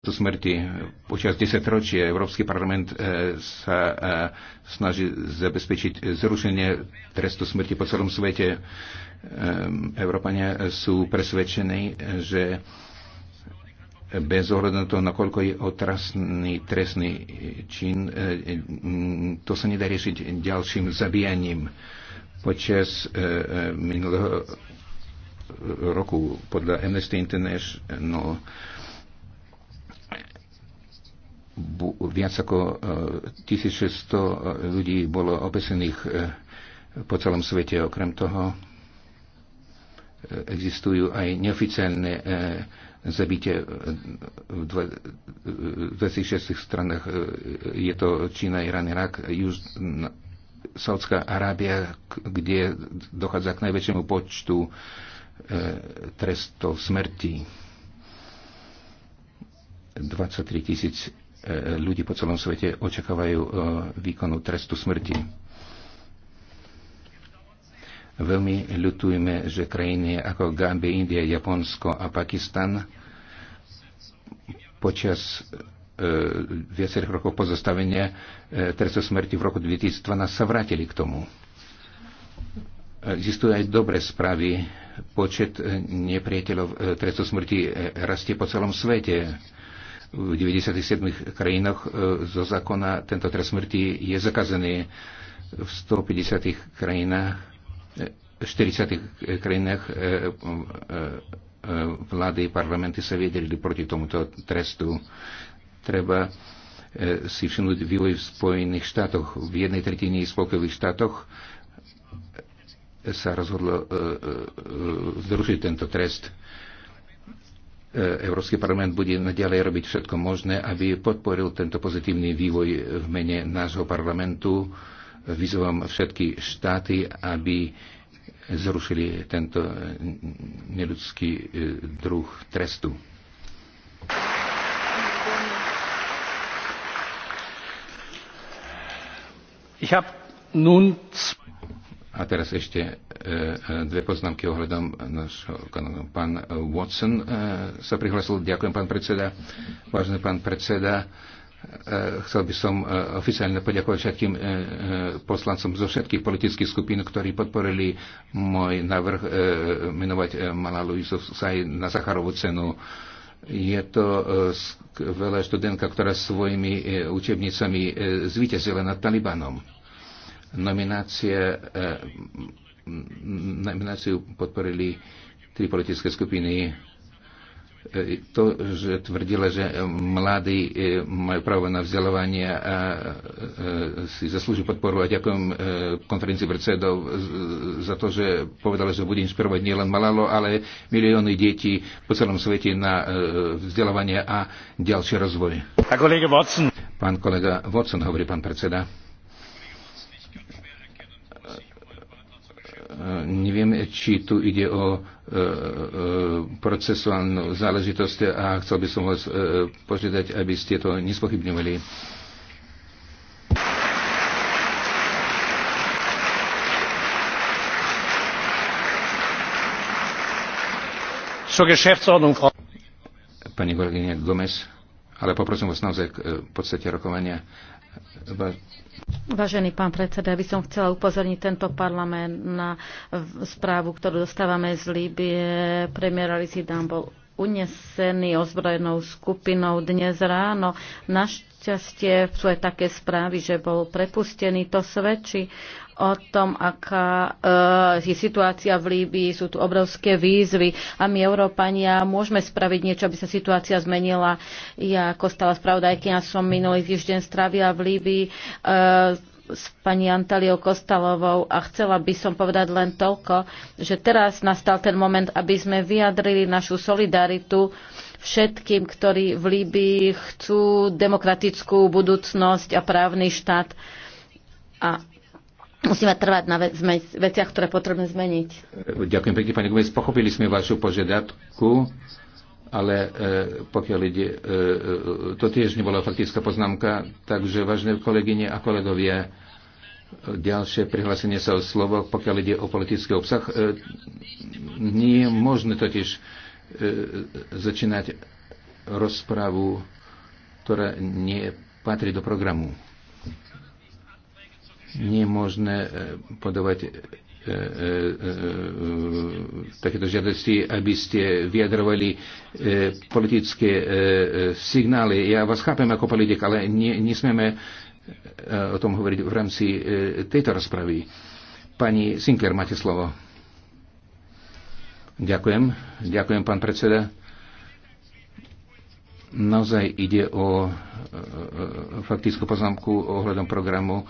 do smrti. Počas 10 Európsky parlament e, sa e, snaží zabezpečiť zrušenie trestu smrti po celom svete. E, Európania sú presvedčení, že bez ohľadu na to, nakoľko je otrasný trestný čin, to sa nedá riešiť ďalším zabíjaním. Počas minulého roku podľa Amnesty International viac ako 1600 e, e, ľudí bolo obesených e, po celom svete. Okrem toho existujú aj neoficiálne zabite v 26 stranách. Je to Čína, Irán, Irak, Južná, Saudská Arábia, kde dochádza k najväčšiemu počtu trestov smrti. 23 tisíc E, ľudí po celom svete očakávajú e, výkonu trestu smrti. Veľmi ľutujeme, že krajiny ako Gambia, India, Japonsko a Pakistan počas e, viacerých rokov pozastavenia e, trestu smrti v roku 2012 sa vrátili k tomu. Existujú aj dobré správy. Počet nepriateľov e, trestu smrti rastie po celom svete v 97 krajinách e, zo zákona tento trest smrti je zakazený v 150 krajinách, 40 e, krajinách e, vlády a parlamenty sa viedeli proti tomuto trestu. Treba si všimnúť vývoj v Spojených štátoch. V jednej tretine Spojených štátoch sa rozhodlo zrušiť tento trest E, Európsky parlament bude naďalej robiť všetko možné, aby podporil tento pozitívny vývoj v mene nášho parlamentu. Vyzývam všetky štáty, aby zrušili tento neludský e, druh trestu. A teraz ešte E, e, dve poznámky ohľadom našho kanálu. Pán Watson e, sa prihlásil. Ďakujem, pán predseda. Vážený pán predseda, chcel by som oficiálne poďakovať všetkým poslancom zo všetkých politických skupín, ktorí podporili môj návrh menovať Malalu Jusufsaj na Zacharovú cenu. Je to veľa študentka, ktorá svojimi učebnicami zvíťazila nad Talibanom. Nominácia nomináciu podporili tri politické skupiny. E, to, že tvrdila, že mladí e, majú právo na vzdelávanie a e, si zaslúži podporu. A ďakujem konferencii predsedov za to, že povedala, že bude inšpirovať nielen Malalo, ale milióny detí po celom svete na vzdelávanie a ďalší rozvoj. Pán kolega Watson, hovorí pán predseda. či tu ide o e, e, procesuálnu záležitosť a chcel by som vás e, požiadať, aby ste to nespochybňovali. Pani kolegyňa Gomez, ale poprosím vás naozaj k e, podstate rokovania Vážený pán predseda, ja by som chcela upozorniť tento parlament na správu, ktorú dostávame z Líbie. Premiér Alizidán bol unesený ozbrojenou skupinou dnes ráno. Našťastie sú aj také správy, že bol prepustený. To svedčí o tom, aká eh, je situácia v Líbii. Sú tu obrovské výzvy a my, Európania, môžeme spraviť niečo, aby sa situácia zmenila. Ja ako stala spravodajkina som minulý týždeň strávila v Líbii eh, s pani Antaliou Kostalovou a chcela by som povedať len toľko, že teraz nastal ten moment, aby sme vyjadrili našu solidaritu všetkým, ktorí v Líbii chcú demokratickú budúcnosť a právny štát. A musíme trvať na veciach, ktoré potrebné zmeniť. Ďakujem pekne, pani Gomez. Pochopili sme vašu požiadavku ale e, pokiaľ ide, e, e, to tiež nebola faktická poznámka, takže vážne kolegyne a kolegovia, ďalšie prihlásenie sa o slovo, pokiaľ ide o politický obsah. E, nie je možné totiž e, začínať rozpravu, ktorá nie patrí do programu nie je možné e, podávať e, e, takéto žiadosti, aby ste vyjadrovali politické signály. Ja vás chápem ako politik, ale nesmieme o tom hovoriť v rámci tejto rozpravy. Pani Sinkler, máte slovo. Ďakujem. Ďakujem, pán predseda. Naozaj ide o faktickú poznámku ohľadom programu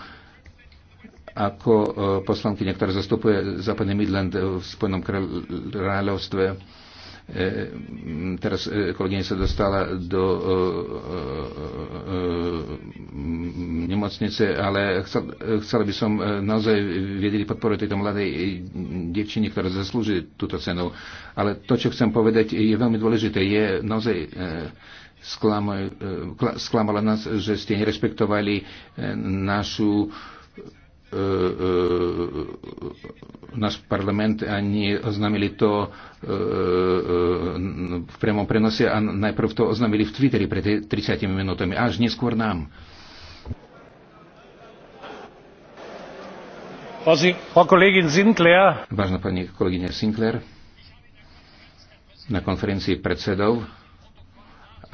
ako e, poslanky, ktorá zastupuje Západný Midland v Spojenom kráľovstve. E, teraz e, kolegyňa sa dostala do nemocnice, ale chcel, chcela by som naozaj vedeli podporu tejto mladej devčine, ktorá zaslúži túto cenu. Ale to, čo chcem povedať, je veľmi dôležité. Je naozaj sklamala nás, že ste nerespektovali našu E, e, náš parlament ani oznámili to e, v priamom prenose a najprv to oznámili v Twitteri pred 30 minútami, až neskôr nám. Vážna pani kolegyňa Sinclair, na konferencii predsedov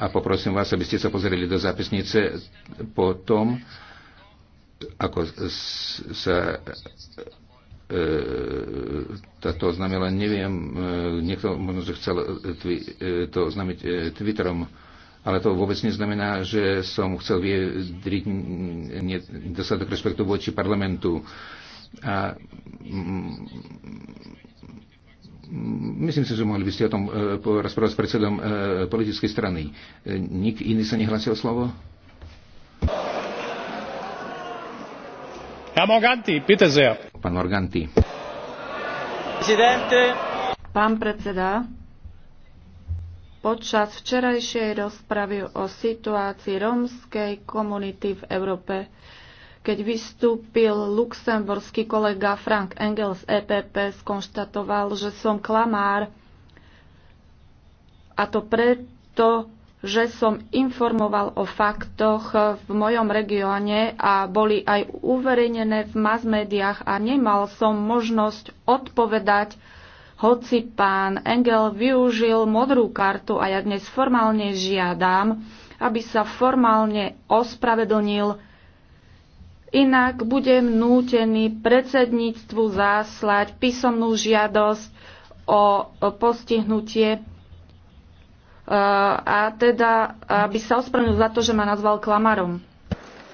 a poprosím vás, aby ste sa pozreli do zápisnice po tom, ako sa e, e, to oznámila, neviem, e, niekto možno, že chcel to oznámiť Twitterom, ale to vôbec neznamená, že som chcel vyjadriť nedostatok rešpektu voči parlamentu. A mm, myslím si, že mohli by ste o tom rozprávať s predsedom politickej strany. Nik iný sa nehlasil o slovo? Herr Morganti, bitte sehr. Pán Morganti. Presidente. Pán predseda, počas včerajšej rozpravy o situácii rómskej komunity v Európe keď vystúpil luxemburský kolega Frank Engels EPP, skonštatoval, že som klamár. A to preto, že som informoval o faktoch v mojom regióne a boli aj uverejnené v mass médiách a nemal som možnosť odpovedať, hoci pán Engel využil modrú kartu a ja dnes formálne žiadam, aby sa formálne ospravedlnil, inak budem nútený predsedníctvu záslať písomnú žiadosť o postihnutie a teda, aby sa ospravedlnil za to, že ma nazval klamarom.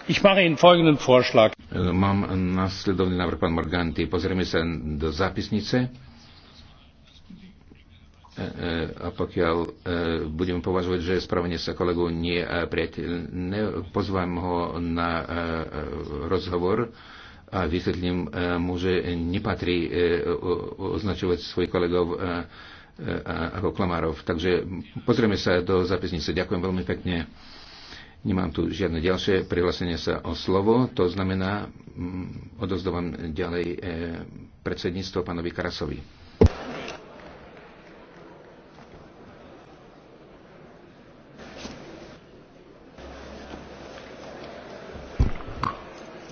Ich mache Ihnen folgenden Vorschlag. E, mám nasledovný návrh, pán Morganti. Pozrieme sa do zápisnice e, e, a pokiaľ budem považovať, že správanie sa kolegu nie je priateľné, pozvám ho na rozhovor a vysvetlím mu, že nepatrí označovať svojich kolegov ako Klamárov. Takže pozrieme sa do zapisnice. Ďakujem veľmi pekne. Nemám tu žiadne ďalšie prihlásenie sa o slovo. To znamená, mm, odozdovám ďalej e, predsedníctvo pánovi Karasovi.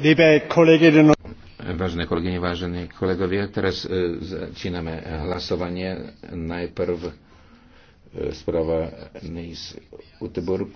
Liebe Kolleginnen Vážené kolegyne, vážení kolegovia, teraz e, začíname hlasovanie. Najprv e, správa Nis Uteburg.